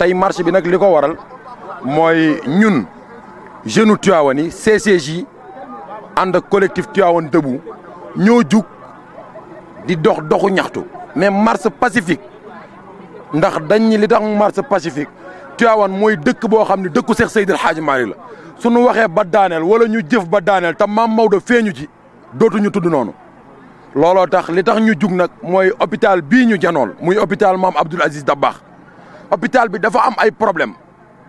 tey marché bi nag li ko waral mooy ñun jeune Tivaouane yi CCJ ànd ak collectif Tivaouane Debout ñoo jug di dox doxu ñaxtu mais marche pacifique ndax dañ ñi li tax marche pacifique Tivaouane mooy dëkk boo xam ne dëkku Seex Seydil Hadji Malick la suñu waxee ba daaneel wala ñu jëf ba daaneel te maam Maodo feeñu ji dootuñu tudd noonu looloo tax li tax ñu jug nag mooy hôpital bii ñu janool muy hôpital maam Abdoul Aziz Dabakh hôpital bi dafa am ay problème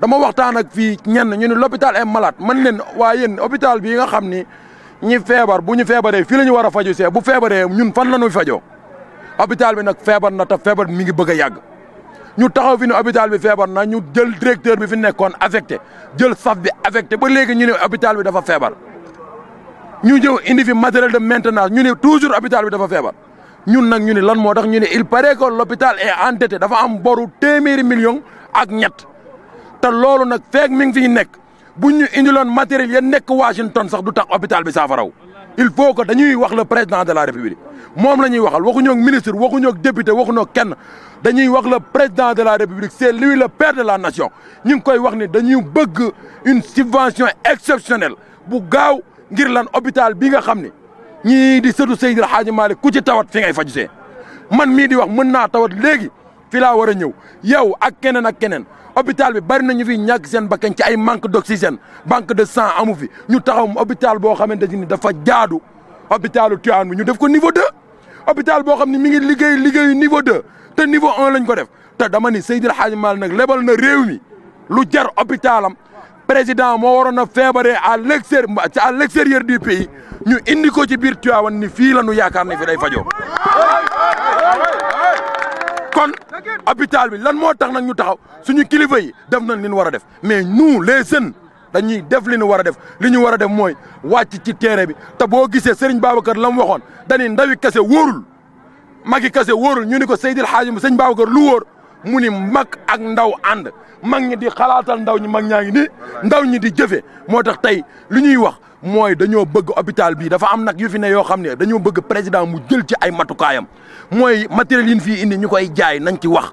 dama waxtaan ak fii ñenn ñu ne l'hôpital est malade man leen waa yéen opital bii nga xam ni ñi feebar bu ñu feebaree fii la ñu war a faju see bu feebaree ñun fan la ñuy fajoo hôpital bi nag feebar na ta feebar mi ngi bëgg a yàgg ñu taxaw fi ne hôpital bi feebar na ñu jël directeur bi fi nekkoon affecté jël saf bi affecté ba léegi ñu ne hôpital bi dafa feebar ñu jëw indi fi matériel de maintenance ñu ne toujours hôpital bi dafa feebar ñun nak ñu ni lan moo tax ñu ni il paraît que l'hôpital est endetté dafa am boru téeméeri million ak ñett té lolu nak fek mi ngi fi nekk buñ ñu lon matériel ya nekk Washington sax du tax hôpital bi saafaraw il faut que dañuy wax le président de la république mom lañuy waxal waxu ñok ministre waxu ñok député waxu ñok kenn dañuy wax le président de la république c'est lui le père de la nation ñu koy wax ni dañuy bëgg une subvention exceptionnelle bu gaaw ngir lan hôpital bi nga xam ñii di sëtu Seydil Hadji Malick ku ci tawat fi ngay faju see man mii di wax mën naa tawat léegi fi laa war a ñëw yow ak keneen ak keneen hôpital bi bari nañu fi ñàkk seen bakkan ci ay manque d'oxygène manque de sang amu fi ñu taxaw hôpital boo xamante ni dafa jaadu hôpitalu Tivaouane bi ñu def ko niveau deux hôpital boo xam ne mi ngi liggéey liggéeyu niveau de te niveau un lañ ko def te dama ni Seydil Hadji Malick nag lebal na réew mi lu jar opitalam président moo waroon na feebaree à l'extérieur à l'extérieur du pays ñu indi ko ci biir Tivaouane ni fii la ñu yaakaar ne fi day fajoo kon hôpital bi lan moo tax nag ñu taxaw suñu kilifa yi def nañ li ñu war a def mais nous les jeunes dañuy def li ñu war a def li ñu war a def mooy wàcc ci terrain bi te boo gisee Serigne Babacar la mu waxoon dañuy ndawi kese wóorul magi kese wóorul ñu ni ko Seydil Hadji Sëñ kër lu wóor mu ni mag ak ndaw ànd mag ñi di xalaatal ndaw ñi mag ñaa ngi ni ndaw ñi di jëfe moo tax tey lu ñuy wax mooy dañoo bëgg hôpital bi dafa am nag yu fi ne yoo xam ne dañoo bëgg président mu jël ci ay matukaayam mooy matériel yi ñu fii indi ñu koy jaay nañ ci wax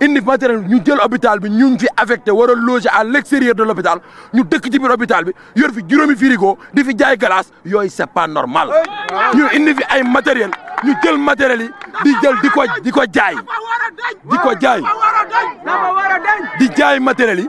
indi matériel ñu jël hôpital bi ñu fi affecté war a loger à l'extérieur de l'hôpital ñu dëkk ci biir hôpital bi yor fi juróomi frigo di fi jaay glace yooyu c'est pas normal ñu indi fi ay matériel ñu jël matériel di jël di ko di ko jaay di ko jaay di jaay matériel yi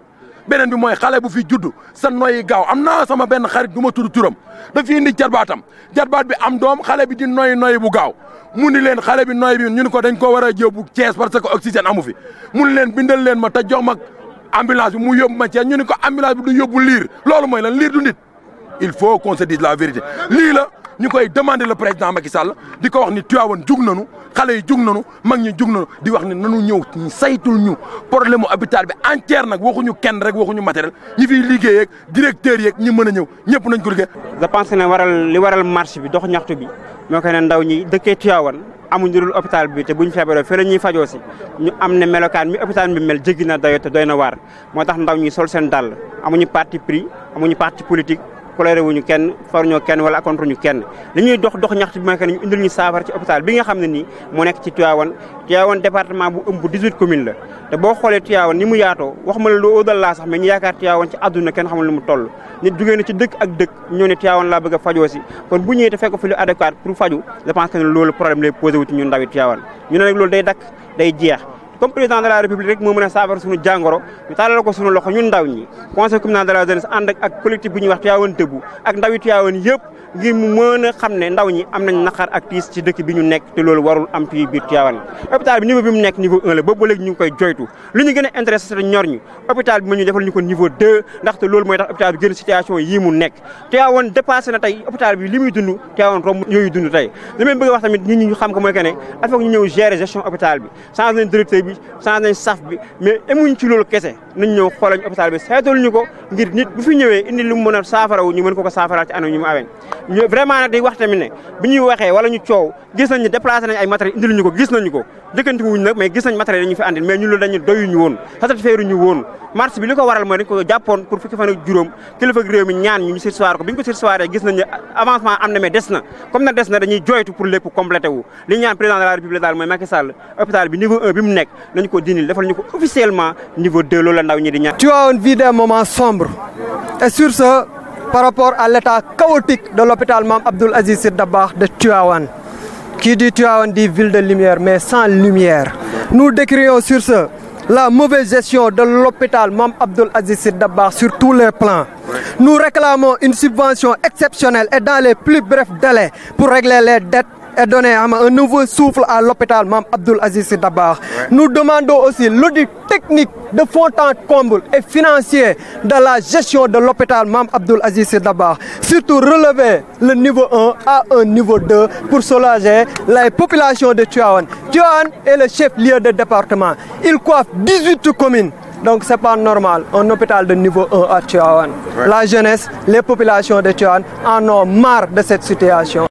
beneen bi mooy xale bu fi juddu sa noyyi gaaw am naa sama benn xarit du ma tudd turam da fi indi jarbaatam jarbaat bi am doom xale bi di noyyi noyyi bu gaaw mu ni leen xale bi noyyi bi ñu ni ko dañ ko war a yóbbu Thiès parce que oxygène amu fi mu ni leen bindal leen ma ta jox ma ambulance bi mu yóbbu ma Thiès ñu ni ko ambulance bi du yóbbu liir loolu mooy lan liir du nit il faut qu'on se la vérité lii la ñu koy demander le président Macky Sall di ko wax ni Tivaouane jug xalé yi jug nañu mag ñi jug nañu di wax ni nañu ñew ñu saytul ñu problème mu hôpital bi entière waxu ñu kenn rek waxu ñu matériel ñi fi liggéey ak directeur yeeg ñi mën a ñëw ñëpp nañ ko liggéey. je pense né waral li waral marché bi dox ñaxtu bi mo koy né ndaw ñi dëkkee Tivaouane amuñu dul hôpital bi té buñ fébéro fii la fajo ci ñu am ne melokaan mi hôpital bi mel jéggi dayo té doyna war motax ndaw ñi sol seen dàll amuñu parti pris amuñu parti politique coléré wuñu kenn faruñoo kenn wala contre ñu kenn li ñuy dox dox ñaxtu bi mooy que ñu indil ñu ci hôpital bi nga xam ne nii moo nekk ci Tivaouane Tivaouane département bu ëmb 18 communes la te boo xoolee Tivaouane ni mu yaato wax ma la lu óodal laa sax yaakaar Tivaouane ci àdduna kenn ne a fajoo si kon bu ñëwee te fekk fi lu adéquat pour faju je pense que ne loolu problème lay posé wu ci ñun ndawi Tivaouane ñu ne nag loolu day dakk day jeex comme président de la république rek moo mën a saafara suñu jàngoro ñu tàllal ko suñu loxo ñun ndaw ñi conseil communal de la jeunesse ànd ak collectif bu ñuy wax Tivaouane Debout ak ndawi Tivaouane yëpp ngir mu mën a xam ne ndaw ñi am nañ naqar ak tiis ci dëkk bi ñu nekk te loolu warul am fii biir Tivaouane hôpital bi niveau bi mu nekk niveau un la boobu ba léegi ñu ngi koy joytu li ñu gën a intéressé te ñu hôpital ñu defal ñu ko niveau deux ndaxte loolu mooy tax hôpital bi gën situation nekk Tivaouane dépassé na bi li muy dund Tivaouane dund tey li may bëgg wax tamit nit ñu xam ko mooy que ne il faut ñu ñëw gérer gestion hôpital bi mais emuñ ci loolu kese nañ ñëw xoolañ hôpital bi seetal ñu ko ngir nit bu fi ñëwee indi lu mu mën a saafarawu ñu mën ko ko saafaraal ci anam ñu mu aween ñu vraiment nag di wax tamit ne bi ñuy waxee wala ñu ciow gis nañu déplacer nañ ay matériel indi ñu ko gis nañu ko jëkkanti wuñ nak mais gis nañ matériel ñu fi andil mais ñu lu dañu ñu woon satisfaire ñu woon mars bi liko waral mooy dañ ko jàppoon pour fukki fan ak juróom ak réew mi ñaan ñu ñu soir ko biñ ko ko surseoiree gis nañu avancement am na mais des na comme nag des na dañuy jooytu pour lépp complété wu li ñaan président de la république daal mooy Macky Sall hôpital bi niveau 1 bi mu nek nañu ko dinil defal ñu ko officiellement niveau 2 loolu la ndaw ñi di ñaan tu Tivaouane vie d'un moment sombre et sur ce par rapport à l'état chaotique de l'hôpital Mam Abdul Aziz Siddabah de Tuawan. Qui dit Tuawan dit ville de lumière, mais sans lumière. Nous décrions sur ce la mauvaise gestion de l'hôpital Mam Abdul Aziz Siddabah sur tous les plans. Nous réclamons une subvention exceptionnelle et dans les plus brefs délais pour régler les dettes et donner un nouveau souffle à l'hôpital Mam Abdul Aziz Dabar. Nous demandons aussi l'audit technique de fond en comble et financier de la gestion de l'hôpital Mam Abdul Aziz Dabar. Surtout relever le niveau 1 à un niveau 2 pour soulager les populations de Tuaon. Tuan est le chef-lieu de département. Il coiffe 18 communes. Donc c'est pas normal, un hôpital de niveau 1 à Tuaon. La jeunesse, les populations de Tuaon en ont marre de cette situation.